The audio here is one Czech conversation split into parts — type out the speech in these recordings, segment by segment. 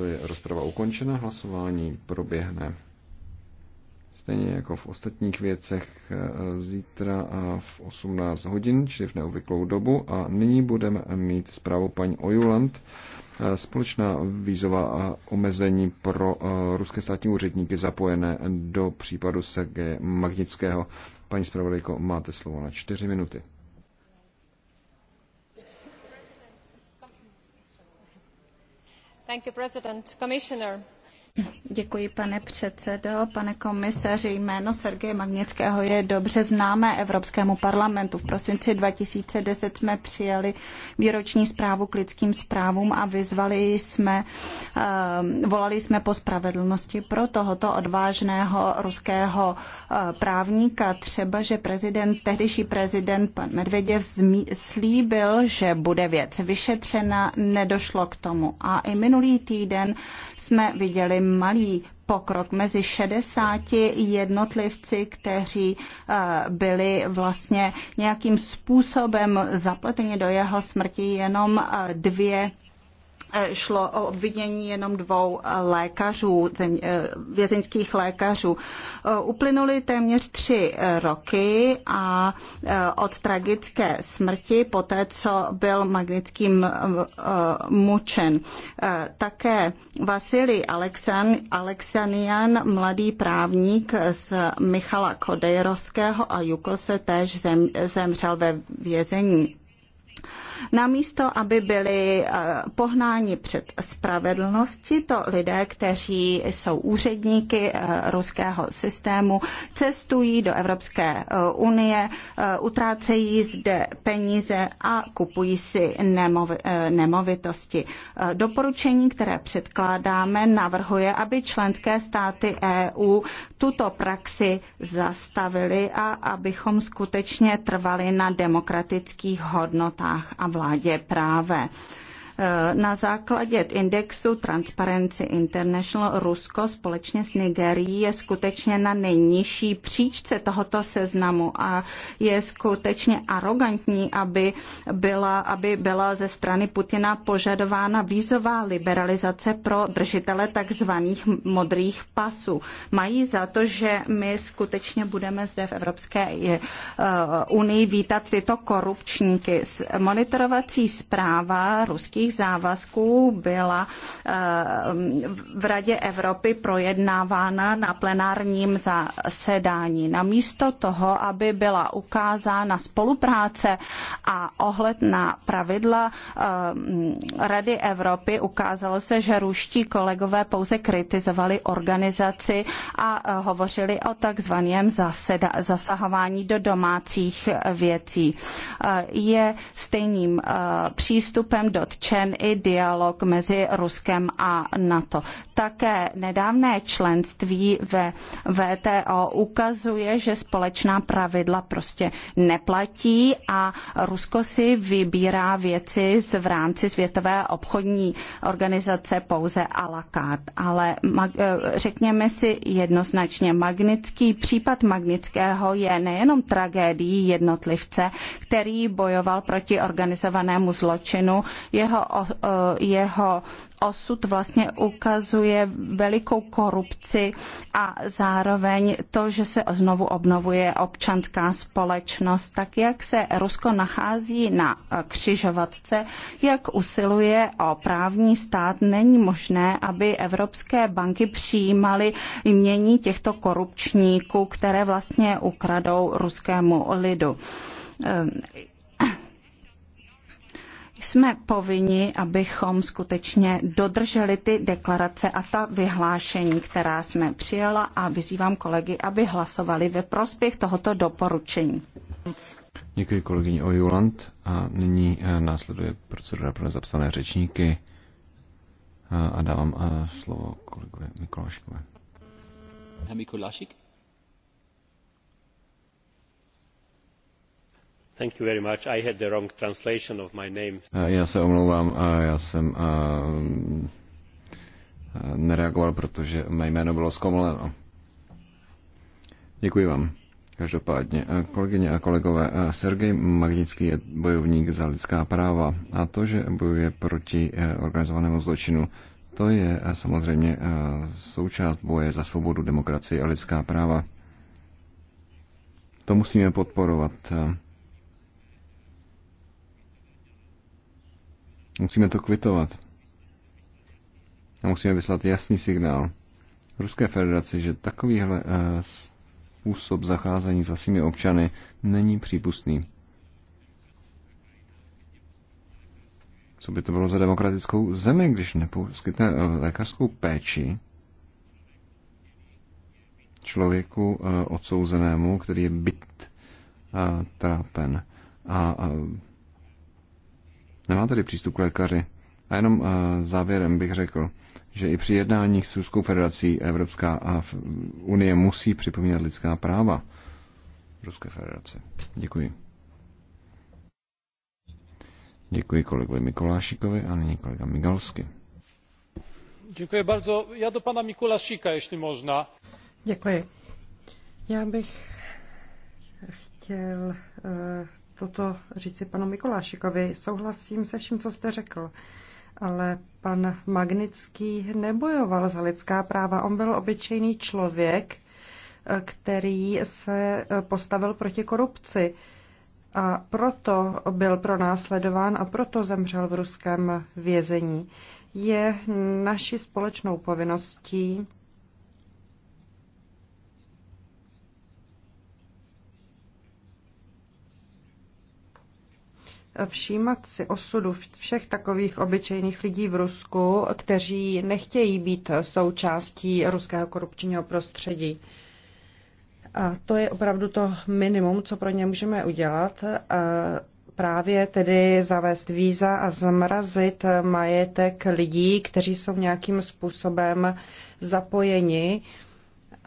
To je rozprava ukončena, hlasování proběhne. Stejně jako v ostatních věcech eh, zítra v 18 hodin, čili v neuvyklou dobu. A nyní budeme mít zprávu paní Ojuland. Eh, společná vízová eh, omezení pro ruské státní úředníky zapojené do případu Sergeje Magnického. Paní zpravodajko, máte slovo na čtyři minuty. mr president commissioner Děkuji, pane předsedo. Pane komisaři, jméno Sergeje Magnického je dobře známé Evropskému parlamentu. V prosinci 2010 jsme přijali výroční zprávu k lidským zprávům a vyzvali jsme, eh, volali jsme po spravedlnosti pro tohoto odvážného ruského eh, právníka. Třeba, že prezident, tehdejší prezident pan Medvěděv slíbil, že bude věc vyšetřena, nedošlo k tomu. A i minulý týden jsme viděli malý pokrok mezi 60 jednotlivci, kteří eh, byli vlastně nějakým způsobem zapleteni do jeho smrti, jenom eh, dvě Eh, šlo o obvinění jenom dvou eh, lékařů, eh, vězeňských lékařů. Uplynuly téměř tři roky a od tragické smrti, poté co byl magnickým mučen. Také Vasily Alexan, Alexanian, mladý právník z Michala Kodejrovského a Jukl se též zemřel ve vězení. Namísto, aby byli eh, pohnáni před spravedlnosti, to lidé, kteří jsou úředníky eh, ruského systému, cestují do Evropské eh, unie, utrácejí zde peníze a kupují si nemovitosti. Doporučení, které předkládáme, navrhuje, aby členské státy EU tuto praxi zastavili a abychom skutečně trvali na demokratických hodnotách a vládě práve. Eh, na základě indexu Transparency International Rusko společně s Nigerií je skutečně na nejnižší příčce tohoto seznamu a je skutečně arrogantní, aby byla, aby byla ze strany Putina požadována vízová liberalizace pro držitele takzvaných modrých pasů. Mají za to, že my skutečně budeme zde v Evropské eh, unii vítat tyto korupčníky. Monitorovací zpráva ruských našich závazků byla eh, v Radě Evropy projednávána na plenárním zasedání. Namísto toho, aby byla ukázána spolupráce a ohled na pravidla eh, Rady Evropy, ukázalo se, že ruští kolegové pouze kritizovali organizaci a eh, hovořili o takzvaném zasahování do domácích věcí. Je stejným přístupem dotčen podpořen i dialog mezi Ruskem a NATO. Také nedávné členství ve VTO ukazuje, že společná pravidla prostě neplatí a Rusko si vybírá věci z v rámci Světové obchodní organizace pouze a la carte. Ale eh, řekněme si jednoznačně, magnický případ magnického je nejenom tragédií jednotlivce, který bojoval proti organizovanému zločinu, jeho jeho osud vlastně ukazuje velikou korupci a zároveň to, že se znovu obnovuje občanská společnost. Tak jak se Rusko nachází na křižovatce, jak usiluje o právní stát, není možné, aby evropské banky přijímaly jmění těchto korupčníků, které vlastně ukradou ruskému lidu ehm, jsme povinni, abychom skutečně dodrželi ty deklarace a ta vyhlášení, která jsme přijela, a vyzývám kolegy, aby hlasovali ve prospěch tohoto doporučení. Děkuji kolegyni Ojuland a nyní eh, následuje procedura pro nezapsané řečníky eh, a dávám eh, slovo kolegovi Mikulášikovi. Herr Mikulášik? Thank you very much. I had the wrong translation of my name. Já se omlouvám, a já jsem a, a nereagoval, protože mé jméno bylo zkomoleno. Děkuji vám. Každopádně, kolegyně a kolegové, Sergej Magnický je bojovník za lidská práva a to, že bojuje proti e, organizovanému zločinu, to je e, samozřejmě e, součást boje za svobodu, demokracii a lidská práva. To musíme podporovat. Musíme to kvitovat. A musíme vyslat jasný signál Ruské federaci, že takovýhle eh, způsob zacházení s vlastními občany není přípustný. Co by to bylo za demokratickou zemi, když neposkytne eh, lékařskou péči člověku eh, odsouzenému, který je byt a trápen a Nemá tedy přístup k lékaři. A jenom eh, závěrem bych řekl, že i při jednáních s Ruskou federací Evropská unie musí připomínat lidská práva Ruské federace. Děkuji. Děkuji kolegovi Mikolášikovi a nyní kolega Migalsky. Děkuji bardzo. Já do pana Mikulášika, jestli možná. Děkuji. Já bych chtěl eh, toto říci panu Mikulášikovi. Souhlasím se vším, co jste řekl. Ale pan Magnický nebojoval za lidská práva. On byl obyčejný člověk, který se postavil proti korupci. A proto byl pronásledován a proto zemřel v ruském vězení. Je naší společnou povinností všímat si osudu všech takových obyčejných lidí v Rusku, kteří nechtějí být součástí ruského korupčního prostředí. A to je opravdu to minimum, co pro ně můžeme udělat. A právě tedy zavést víza a zmrazit majetek lidí, kteří jsou nějakým způsobem zapojeni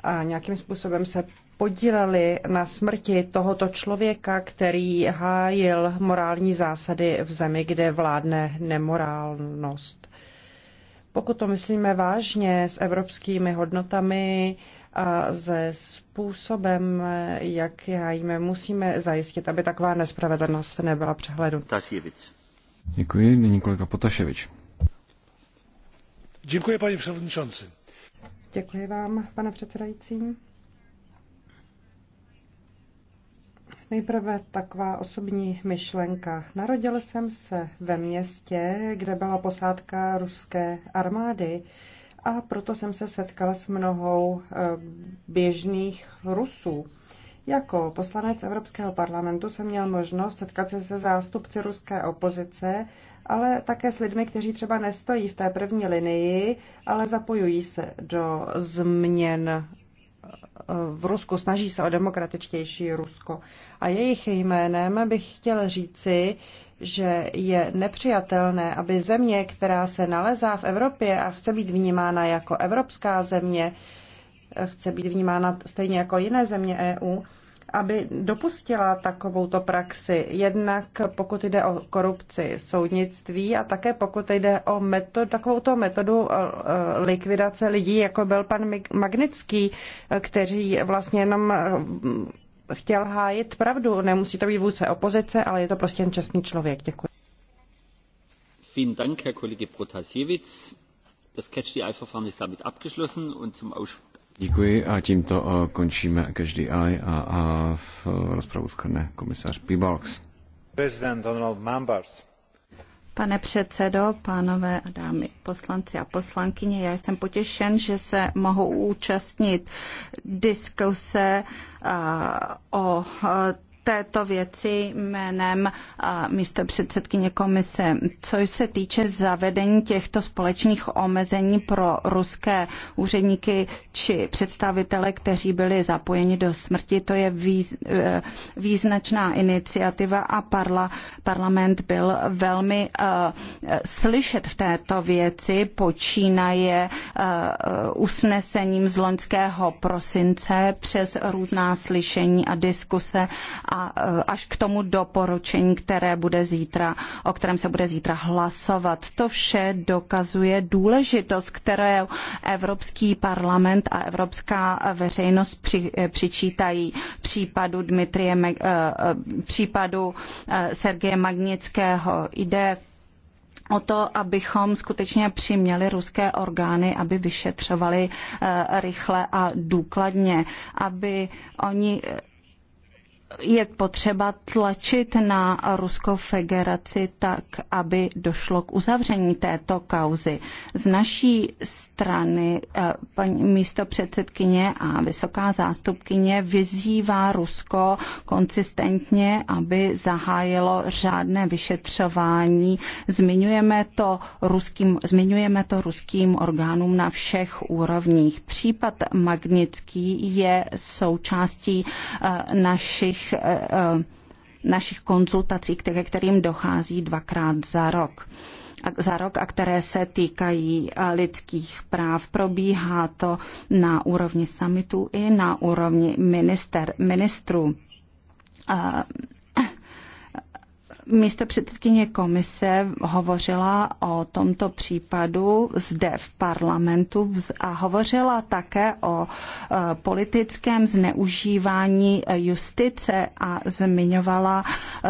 a nějakým způsobem se podíleli na smrti tohoto člověka, který hájil morální zásady v zemi, kde vládne nemorálnost. Pokud to myslíme vážně s evropskými hodnotami a se způsobem, jak je hájíme, musíme zajistit, aby taková nespravedlnost nebyla přehledu. Děkuji, nyní kolega Potaševič. Děkuji, paní předsedající. Děkuji vám, pane předsedající. Nejprve taková osobní myšlenka. Narodil jsem se ve městě, kde byla posádka ruské armády a proto jsem se setkal s mnohou eh, běžných Rusů. Jako poslanec Evropského parlamentu jsem měl možnost setkat se se zástupci ruské opozice, ale také s lidmi, kteří třeba nestojí v té první linii, ale zapojují se do změn Eh, v Rusku, snaží se o demokratičtější Rusko. A jejich jménem bych chtěl říci, že je nepřijatelné, aby země, která se nalezá v Evropě a chce být vnímána jako evropská země, eh, chce být vnímána stejně jako jiné země EU, aby dopustila takovouto praxi, jednak pokud jde o korupci soudnictví a také pokud jde o metod, takovouto metodu eh, eh, likvidace lidí, jako byl pan Magnický, eh, kteří vlastně jenom chtěl hájit pravdu. Nemusí to být vůdce opozice, ale je to prostě jen čestný člověk. Děkuji. Vielen Dank, Herr Kollege Protasiewicz. Das Catch-the-Eye-Verfahren ist damit abgeschlossen und zum Aussprache. Děkuji a tímto eh, končíme každý aj a, a v eh, rozpravu skrne komisař Pibalx. Pane předsedo, pánové a dámy poslanci a poslankyně, já jsem potěšen, že se mohu účastnit diskuse eh, o této věci jménem místo předsedkyně komise. Co se týče zavedení těchto společných omezení pro ruské úředníky či představitele, kteří byli zapojeni do smrti, to je výz, e, význačná iniciativa a parla, parlament byl velmi uh, slyšet v této věci, počínaje uh, usnesením z loňského prosince přes různá slyšení a diskuse a e, až k tomu doporučení, které bude zítra, o kterém se bude zítra hlasovat. To vše dokazuje důležitost, kterou Evropský parlament a evropská veřejnost při, e, přičítají případu Dmitrie, e, případu Sergeje Magnického. Jde o to, abychom skutečně přiměli ruské orgány, aby vyšetřovali rychle a důkladně, aby oni je potřeba tlačit na Ruskou federaci tak, aby došlo k uzavření této kauzy. Z naší strany eh, paní místo předsedkyně a vysoká zástupkyně vyzývá Rusko konsistentně, aby zahájilo řádné vyšetřování. Zmiňujeme to ruským, zmiňujeme to ruským orgánům na všech úrovních. Případ Magnický je součástí eh, našich našich, eh, eh, našich konzultací, ke kterým dochází dvakrát za rok za rok a které se týkají eh, lidských práv. Probíhá to na úrovni summitu i na úrovni minister, ministrů Místo předsedkyně komise hovořila o tomto případu zde v parlamentu a hovořila také o e, politickém zneužívání justice a zmiňovala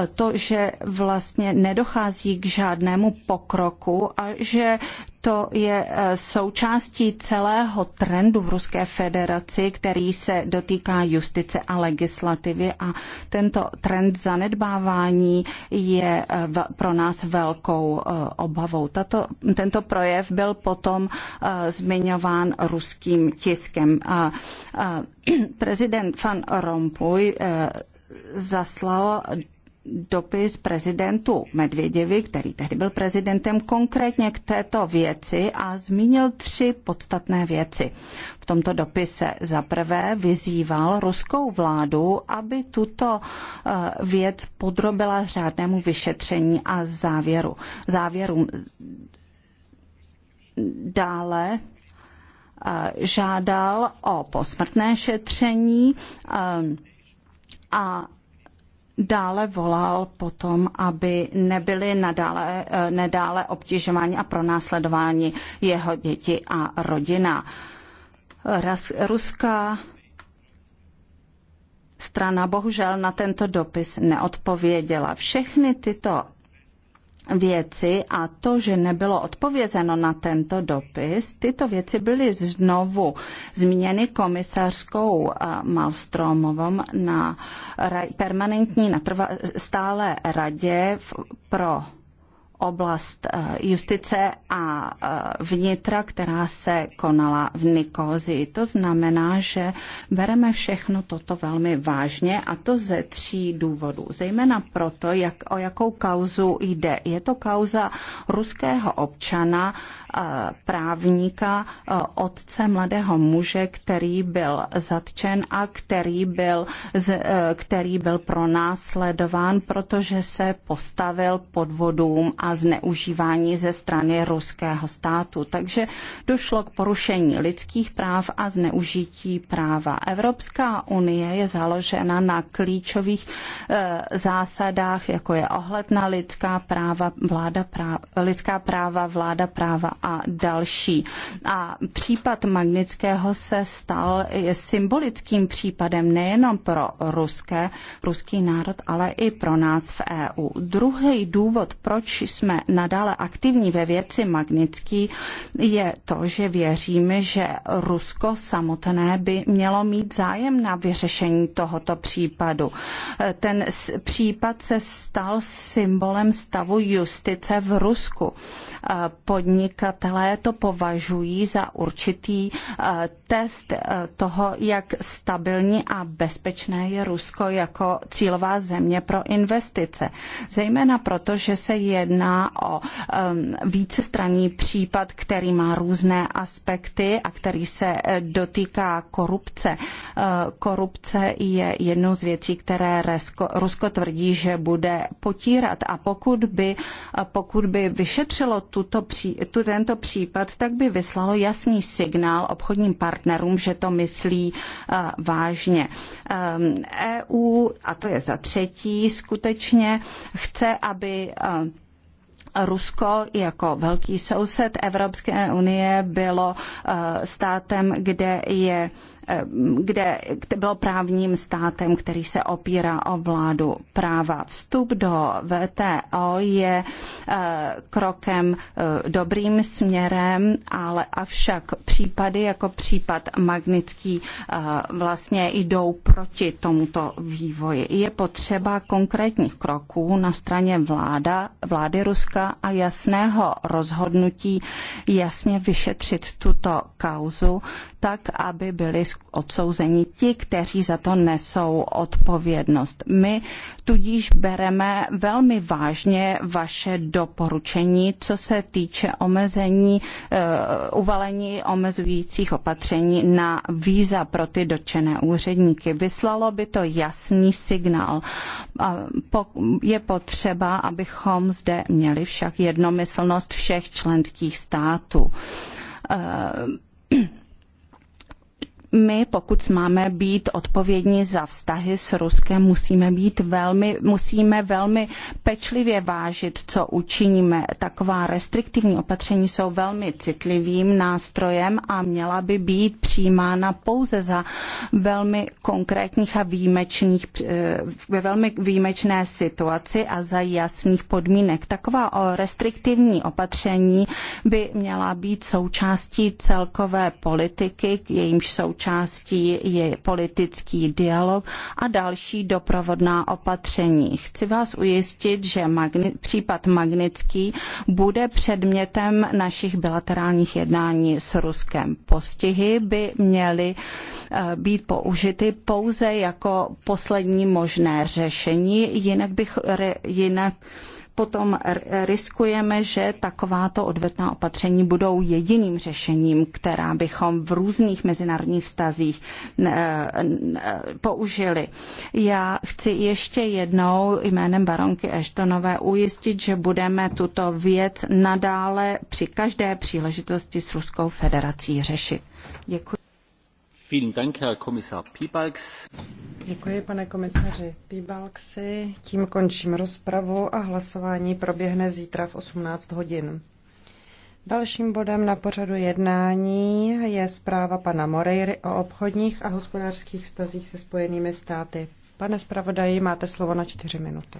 e, to, že vlastně nedochází k žádnému pokroku a že to je eh, součástí celého trendu v Ruské federaci, který se dotýká justice a legislativy a tento trend zanedbávání je eh, pro nás velkou eh, obavou. Tato, tento projev byl potom zmiňován ruským tiskem. A, prezident Van Rompuy zaslal dopis prezidentu Medvěděvi, který tehdy byl prezidentem, konkrétně k této věci a zmínil tři podstatné věci. V tomto dopise zaprvé vyzýval ruskou vládu, aby tuto eh, věc podrobila řádnému vyšetření a závěru. Závěru dále eh, žádal o posmrtné šetření eh, a dále volal potom, aby nebyli nadále, eh, nedále obtěžováni a pronásledováni jeho děti a rodina. Ruská strana bohužel na tento dopis neodpověděla. Všechny tyto věci a to, že nebylo odpovězeno na tento dopis, tyto věci byly znovu zmíněny komisařskou eh, Malstromovou na permanentní, na stále radě pro oblast eh, justice a eh, vnitra, která se konala v Nikozi. To znamená, že bereme všechno toto velmi vážně a to ze tří důvodů. Zejména proto, jak, o jakou kauzu jde. Je to kauza ruského občana, Eh, právníka, eh, otce mladého muže, který byl zatčen a který byl, eh, který byl pronásledován, protože se postavil podvodům a zneužívání ze strany ruského státu. Takže došlo k porušení lidských práv a zneužití práva. Evropská unie je založena na klíčových zásadách, jako je ohled na lidská práva, vláda práva, lidská práva, vláda práva a další. A případ Magnického se stal symbolickým případem nejenom pro ruské, ruský národ, ale i pro nás v EU. Druhý důvod, proč jsme nadále aktivní ve věci Magnický, je to, že věříme, že Rusko samotné by mělo mít zájem na vyřešení tohoto případu. Ten případ se stal symbolem stavu justice v Rusku. Podnikat Podnikatelé to považují za určitý eh, test eh, toho, jak stabilní a bezpečné je Rusko jako cílová země pro investice. Zejména proto, že se jedná o ehm, vícestranný případ, který má různé aspekty a který se eh, dotýká korupce. Korupce je jednou z věcí, které Rusko tvrdí, že bude potírat. A pokud by, pokud by vyšetřilo tuto, tu, ten tento případ, tak by vyslalo jasný signál obchodním partnerům, že to myslí eh, vážně. EU, eh, e a to je za třetí, skutečně chce, aby eh, Rusko jako velký soused Evropské unie bylo státem, kde je Eh, kde, kde bylo právním státem, který se opírá o vládu práva. Vstup do VTO je eh, krokem eh, dobrým směrem, ale avšak případy jako případ Magnický vlastně jdou proti tomuto vývoji. Je potřeba konkrétních kroků na straně vláda, vlády Ruska a jasného rozhodnutí jasně vyšetřit tuto kauzu tak, aby byly odsouzeni ti, kteří za to nesou odpovědnost. My tudíž bereme velmi vážně vaše doporučení, co se týče omezení, uh, uvalení omezujících opatření na víza pro ty dotčené úředníky. Vyslalo by to jasný signál. Je potřeba, abychom zde měli však jednomyslnost všech členských států. Uh, my, pokud máme být odpovědní za vztahy s Ruskem, musíme být velmi, musíme velmi pečlivě vážit, co učiníme. Taková restriktivní opatření jsou velmi citlivým nástrojem a měla by být přijímána pouze za velmi konkrétních a výjimečných, eh, ve velmi výjimečné situaci a za jasných podmínek. Taková restriktivní opatření by měla být součástí celkové politiky, jejímž součástí součástí je politický dialog a další doprovodná opatření. Chci vás ujistit, že případ Magnický bude předmětem našich bilaterálních jednání s Ruskem. Postihy by měly eh, být použity pouze jako poslední možné řešení, jinak bych, jinak potom riskujeme, že takováto odvetná opatření budou jediným řešením, která bychom v různých mezinárodních vztazích e, e, použili. Já chci ještě jednou jménem baronky Eštonové ujistit, že budeme tuto věc nadále při každé příležitosti s Ruskou federací řešit. Děkuji. Děkuji, pane komisaři Piebalgsi. Tím končím rozpravu a hlasování proběhne zítra v 18 hodin. Dalším bodem na pořadu jednání je zpráva pana Moreiry o obchodních a hospodářských vztazích se Spojenými státy. Pane zpravodaji, máte slovo na čtyři minuty.